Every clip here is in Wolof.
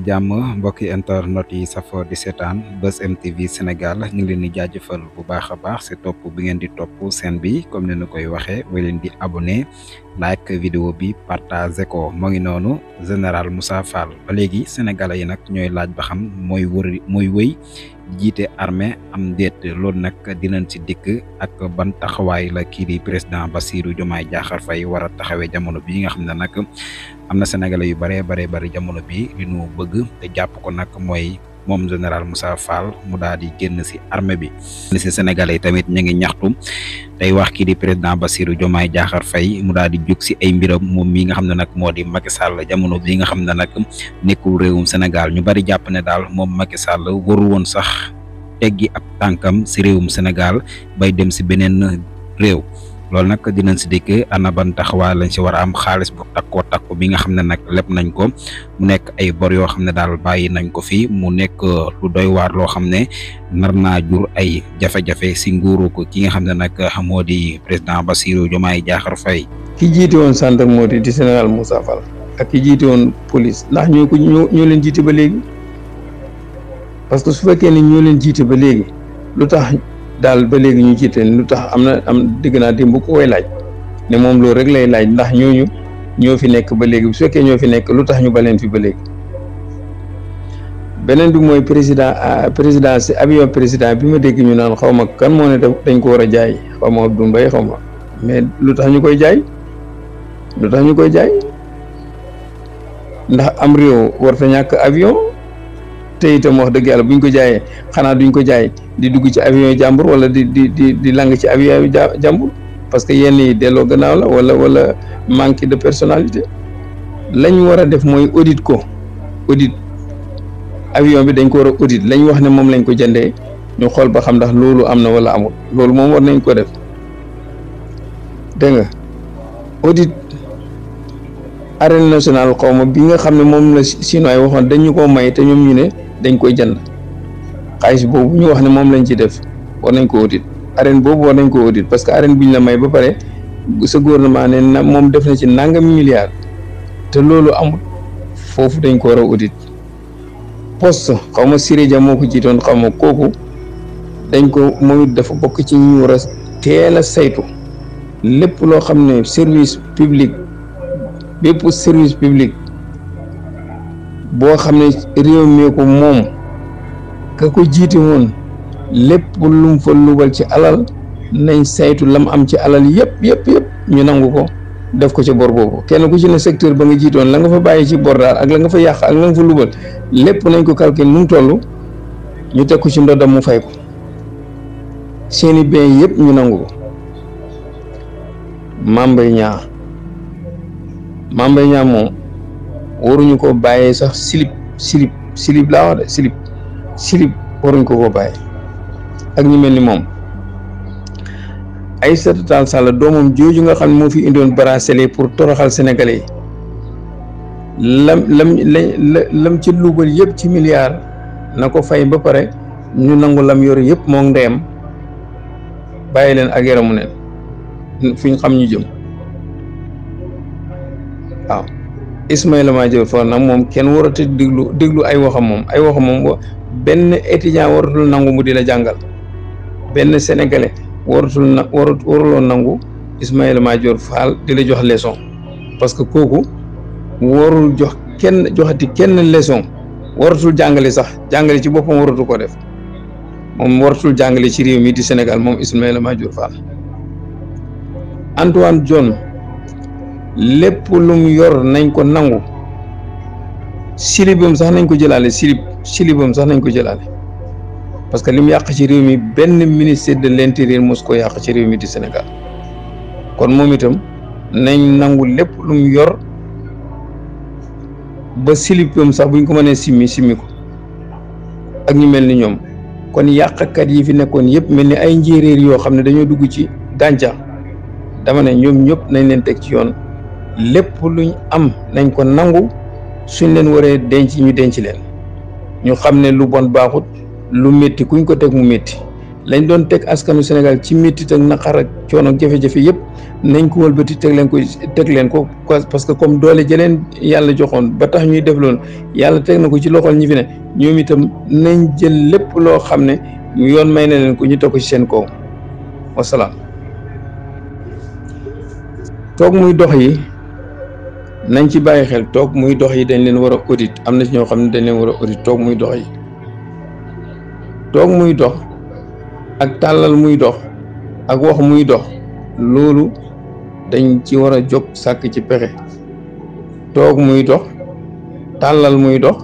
jàmm mbokki internet yi safo di seetaan Buzz MTV Sénégal ñu ngi leen di jaajëfal bu baax a baax si topp bi ngeen di topp seen bi comme ni ñu koy waxee way leen di abonné like vidéo bi partage ko moo ngi noonu général Moussa Fall ba léegi sénégalais yi nag ñooy laaj ba xam mooy wër mooy wëy jiite armée am déet loolu nag dinañ ci dikk ak ban taxawaay la kii di président Bassirou Diomaye Diakhar Faye war a taxawee jamono bi nga xam ne nag am na sénégalais yu bare bare bari jamono bi li bëgg te jàpp ko nag mooy moom général Moussa Fall mu daal di génn si armée bi si sénégalais yi tamit ñu ngi ñaxtu tey wax kii di président Bassirou Diomaye Diakhar fay mu daal di jug si ay mbiram moom mii nga xam ne nag moo di Macky Sall jamono bii nga xam ne nag nekkul réewum Sénégal ñu bari jàpp ne daal moom Macky Sall waru woon sax teggi ab tànkam si réewum Sénégal bay dem si beneen réew Lolak nak dinañ ci dikkee ana ban taxawaay lañ ci wara lep am xaaliss bu takko takko bi nga xam nak lepp nañ ko mu nek ay bor yo xam dal bayyi nañ ko fi mu nek uh, lu doy war lo narna jur ay jafe-jafe ci nguru ko ki nga nak di président Bassirou jomay jaxar fay ki jiti won santak modi di di général Moussa Fall ak ki jiti won police ndax ñoo ko ñoo leen jiti ba légui parce que su fekké ni ñoo leen jiti ba légui lutax daal ba léegi ñu jiite lu tax am na am dégg naa démb ku koy laaj ne moom loolu rek lay laaj ndax ñooñu ñoo fi nekk ba léegi bu fekkee ñoo fi nekk lu tax ñu baleen fi ba léegi beneen bi mooy président ah, président si avion président bi ma dégg ñu naan xaw ma kan moo ne dañ ko war a jaay xaw ma Abdou Mbaye xaw ma mais lu tax ñu koy jaay lu tax ñu koy jaay ndax am réew war fa ñàkk avion. te itam wax dëgg yàlla buñ ko jaayee xanaa duñ ko jaay di dugg ci avion jàmbur wala di di di di lang ci avion jàmbur parce que yenn yi delloo gannaaw la wala wala manqué de personnalité lañu war a def mooy audite ko audit avion bi dañ ko war a audit lañ wax ne moom lañ ko jëndee ñu xool ba xam ndax loolu am na wala amul loolu moom war nañ ko def dégg nga audit arène nationale xaw ma bi nga xam ne moom la chinois yi waxoon dañu ñu koo may te ñoom ñu ne. dañ koy jënd xaalis boobu ñu wax ne moom lañ ci def war nañ ko audit arène boobu war nañ ko audit parce que arène bi ñu la may ba pare sa gouvernement ne na moom def na ci nangam milliard te loolu amul foofu dañ ko war a audit poste xaw ma Siré moo ko jiitoon xaw ma kooku dañ ko moom dafa bokk ci ñu war a teel saytu lépp loo xam ne service public bépp service public boo xam ne réew mi ko moom ka ko jiite woon lépp lum fa lubal ci alal nañ saytu lam am ci alal yëpp yëpp yëpp ñu nangu ko def ko ci bor boobu kenn ku ci ne secteur ba nga jiitoon la nga fa bàyyi ci bor daal ak la nga fa yàq ak la nga fa lubal lépp nañ ko calculer nu mu toll ñu teg ko ci ndoddam mu fay ko seeni bien yépp ñu nangu ko Mame Mbaye Niang Mame moom waruñu ko bàyyee sax silib silib silib laa wax de silib silib waruñ ko koo bàyyee ak ñu mel ni moom Aïssata Tall Sall doomam jooju nga xam ne moo fi indoon bracelet pour toroxal sénégalais yi lam lam lam ci luubal yépp ci milliard na ko fay ba pare ñu nangu lam yor yëpp moo ndeyam bàyyi leen ak yaramu neen fu ñu xam ñu jëm waaw Ismaïla Madior Fall nag moom kenn waratu déglu déglu ay waxam moom ay waxam moom benn étudiant waratul nangu mu di jàngal benn sénégalais waratul na nangu Ismaïla Madior Fall di la jox leçon parce que kooku warul jox kenn joxati kenn leçon waratul jàngale sax jàngale ci boppam waratu ko def moom waratul jàngale ci réew mi di Sénégal moom Ismaïla Madior Fall Antoine Diome lépp lu mu yor nañ ko nangu silibam sax nañ ko jëlaale silib silibam sax nañ ko jëlaale parce que li mu yàq ci réew mi benn ministère de l'intérieur mos ko yàq ci réew mi di Sénégal kon moom itam nañ nangu lépp lu yor ba silibam sax buñ ko mënee simmi simmi ko ak ñu mel ni ñoom kon yàqkat yi fi nekkoon yëpp mel ni ay njéeréer yoo xam ne dañoo dugg ci gàncax dama ne ñoom ñëpp nañ leen teg ci yoon lépp ñu am nañ ko nangu suñ leen waree denc ñu denc leen ñu xam ne lu bon baaxut lu métti kuñ ko teg mu métti lañ doon teg askanu Sénégal ci méttit ak naqar ak coono ak jafe-jafe yëpp nañ ko wëlbati teg leen ko teg leen ko parce que comme doole jëleen yàlla joxoon ba tax ñuy def yàlla teg na ko ci loxol ñi fi ne ñoom itam nañ jël lépp loo xam ne yoon may na leen ko ñu teg ko ci seen kaw wasalaam toog muy dox yi. nañ ci bàyyi xel toog muy dox yi dañ leen war a am na ci ñoo xam ne dañ war a audit toog muy dox toog muy dox ak tàllal muy dox ak wax muy dox loolu dañ ci war a jóg sàkk ci pexe toog muy dox tàllal muy dox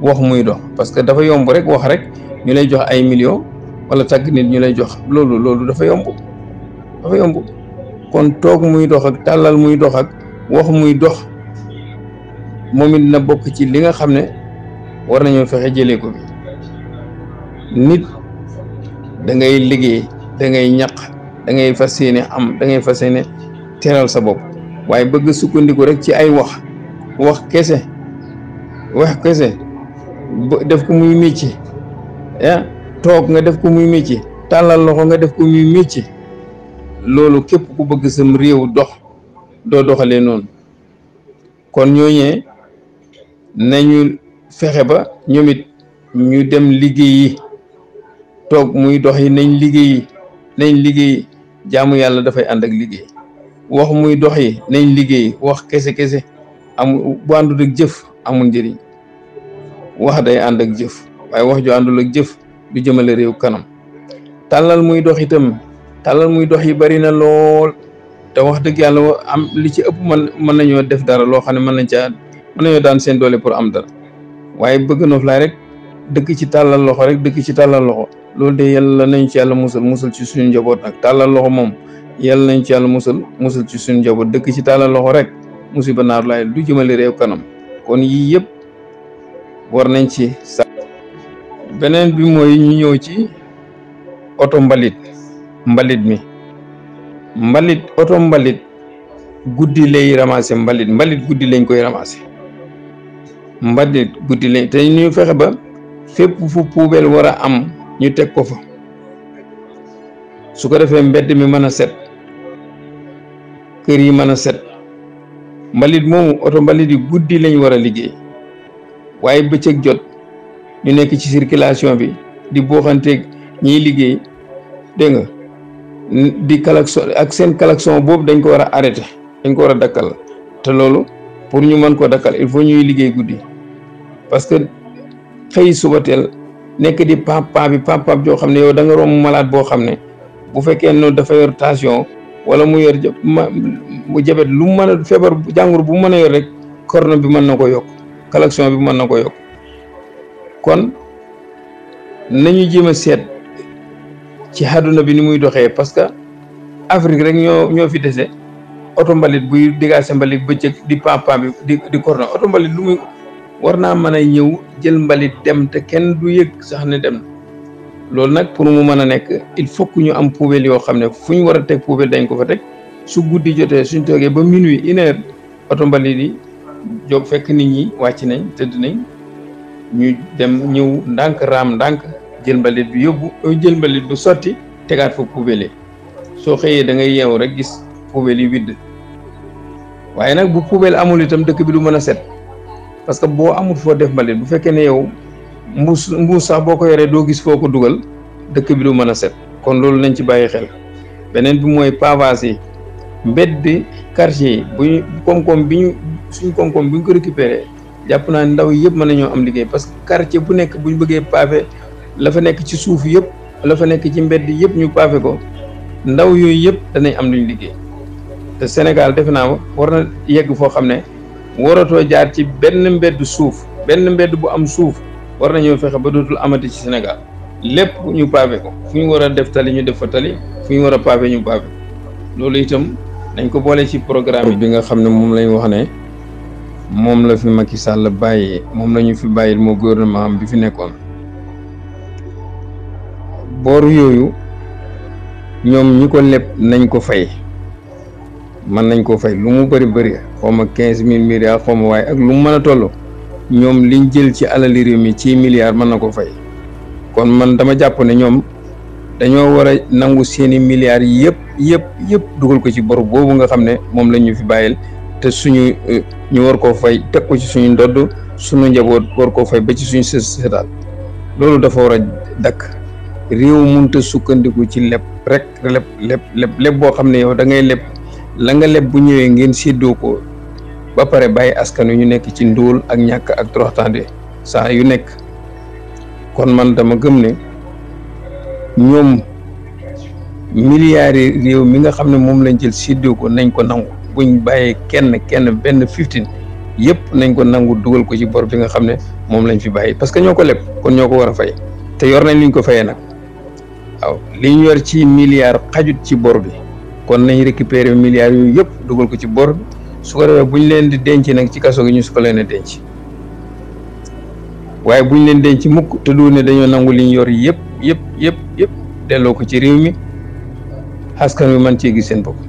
wax muy dox parce que dafa yomb rek wax rek ñu lay jox ay millions wala tàgg nit ñu lay jox loolu loolu dafa yomb dafa yomb kon toog muy dox ak tàllal muy dox ak. wax muy dox moom it na bokk ci li nga xam ne war nañoo fexe jëlee ko bi nit dangay liggéey da ngay ñaq dangay ngay fas yéene am dangay ngay fas yéene teral sa bopp waaye bëgg sukkandiku rek ci ay wax wax kese wax kese def ko muy métier ah toog nga def ko muy métier tàllal loxo nga def ko muy métier loolu képp ku bëgg sam réew dox doo doxalee noonu kon ñooñee nañu fexe ba ñoom it ñu dem liggéeyi toog muy dox yi nañ liggéeyi nañ liggéeyi jaamu yàlla dafay ànd ak liggéey wax muy dox yi nañ liggéeyi wax kese kese amul bu àndul ak jëf amul njëriñ wax day ànd ak jëf waaye wax ju àndul ak jëf du jëmale réew kanam tàllal muy dox tàllal muy dox yi lool. te wax dëgg yàlla am li ci ëpp mën mën nañoo def dara loo xam ne mën nañ caa mën nañoo daan seen doole pour am dara waaye bëgg noflaay rek dëkk ci tàllal loxo rek dëkk ci tàllal loxo loolu de yàlla nañ ci yàlla musal musal ci suñu njaboot nag tàllal loxo moom yàlla nañ ci yàlla musal musal ci suñu njaboot dëkk ci tàllal loxo rek musu ba naar laay du jëmale réew kanam kon yii yëpp war nañ ci sa beneen bi mooy ñu ñëw ci oto mbalit mbalit mi mbalit oto mbalit guddi lay ramassé mbalit mbalit guddi lañ koy ramassé mbalit guddi lañ te ñu fexe ba fépp fu poubelle war a am ñu teg ko fa su ko defee mbedd mi mën a set kër yi mën a set mbalit moomu oto mbalit yi guddi lañ war a liggéey waaye bëccëg jot ñu nekk ci circulation bi di booxanteeg ñiy liggéey dégg di collection ak sen collection bobu dañ ko wara arrêter dañ ko wara dakal te lolu pour ñu man ko dakal, il faut ñuy liggéey guddi parce que xey subatel nek di papa bi papa jo xamne yow da nga rom malade bo xamne bu yor tension wala mu yor mu jabet lu meuna febar jangur bu meuna yor rek corona bi mën na ko yok collection bi ko yok kon nañu jima set ci àdduna bi ni muy doxee parce que Afrique rek ñoo ñoo fi dese oto mbalit buy digaase mbalit bëccëg di pampam bi di di corna oto mbalit lu muy war naa mën a ñëw jël mbalit dem te kenn du yëg sax ne dem loolu nag pour mu mën a nekk il faut que ñu am poubelle yoo xam ne fu ñu war a teg poubelle dañ ko fa teg su guddi jotee suñ toogee ba minuit une oto mbalit yi jóg fekk nit ñi wàcc nañ tëdd nañ ñu dem ñëw ndànk raam ndànk jël mbalit bi yóbbu jël mbalit bi sotti tegaat fa poubelle soo xëyee da ngay yeew rek gis poubelle yi widd waaye nag bu poubelle amul itam dëkk bi du mën a set parce que boo amul foo def mbalit bu fekkee ne yow mbuus mbuus sax boo ko yoree doo gis foo ko dugal dëkk bi du mën a set kon loolu nañ ci bàyyi xel beneen bi mooy pavage yi mbedd quartier bu ñu koom-koom bi ñu suñ koom-koom bi ñu ko récupéré jàpp naa ndaw yëpp mën nañoo am liggéey parce que quartier bu nekk bu ñu bëggee pavé la fa nekk ci suuf yëpp la fa nekk ci mbedd yëpp ñu paafe ko ndaw yooyu yëpp danañ am luñ liggéey te Sénégal defe naa war na yegg foo xam ne waratoo jaar ci benn mbedd suuf benn mbedd bu am suuf war nañoo fexe ba dootul amati ci Sénégal lépp ñu paafe ko fu ñu war a def tali ñu def fa tali fu ñu war a paafe ñu paafe loolu itam dañ ko boole ci programme bi nga xam ne moom lañ wax ne moom la fi Macky Sall bàyyee moom la ñu fi bàyyil moo gouvernement bi fi nekkoon. booru yooyu ñoom ñi ko leb nañ ko fay mën nañ ko fay lu mu bëri bëri xaw ma quinze mille milliards xaw ma waaye ak lu mu mën a toll ñoom liñ jël ci alali réew mi ci milliare mën na ko fay kon man dama jàpp ne ñoom dañoo war a nangu seeni milliards yëpp yëpp yëpp dugal ko ci boru boobu nga xam ne moom la ñu fi bàyyil te suñu euh, ñu war koo fay teg ko ci suñu ndodd suñu njaboot war koo fay ba ci suñu sës setaat loolu dafa war a dakk réew munta sukkandiku ci leb rek leb leb leb boo xam ne yow da ngay leb la nga leb bu ñëwee ngeen séddoo ko ba pare bàyyi askan wi ñu nekk ci ndóol ak ñàkk ak toroxtaande saa yu nekk kon man dama gëm ne ñoom milliards yi réew mi nga xam ne moom lañ jël séddoo ko nañ ko nangu buñ bàyyee kenn kenn benn fifteen yëpp nañ ko nangu dugal ko ci bor bi nga xam ne moom lañ fi bàyyi parce que ñoo ko leb kon ñoo ko war a fay te yor nañ liñ ko fayee nag waaw li yor ci milliards xajut ci bor bi kon nañ récupérer milliards yooyu yëpp dugal ko ci bor bi su ko defee bu ñu leen di denc nag ci kaso gi ñu su ko leen denc waaye bu ñu leen denc mukk te du ne dañoo nangu li ñu yor yëpp yëpp yëpp yëpp delloo ko ci réew mi askan wi man cee gis seen bopp.